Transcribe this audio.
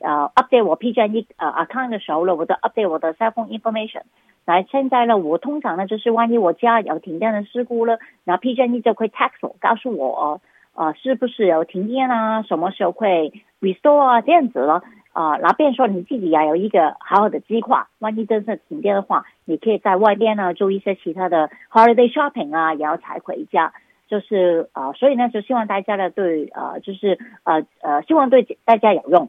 呃 uh, update 我 PG&E 呃、uh, account 的時候呢，我都 update 我的 cell phone information。那現在呢，我通常呢，就是，萬一我家有停電的事故呢，然後那 PG&E 就會 text 我，告訴我，呃是不是有停電啊？什麼時候會 restore 啊？這樣子咯，啊，呃、那邊說你自己啊有一個好好的計劃，萬一真係停電的話，你可以在外面呢做一些其他的 holiday shopping 啊，然後才回家。就是啊、呃，所以呢就希望大家呢，對，啊、呃，就是，呃，呃，希望對大家有用。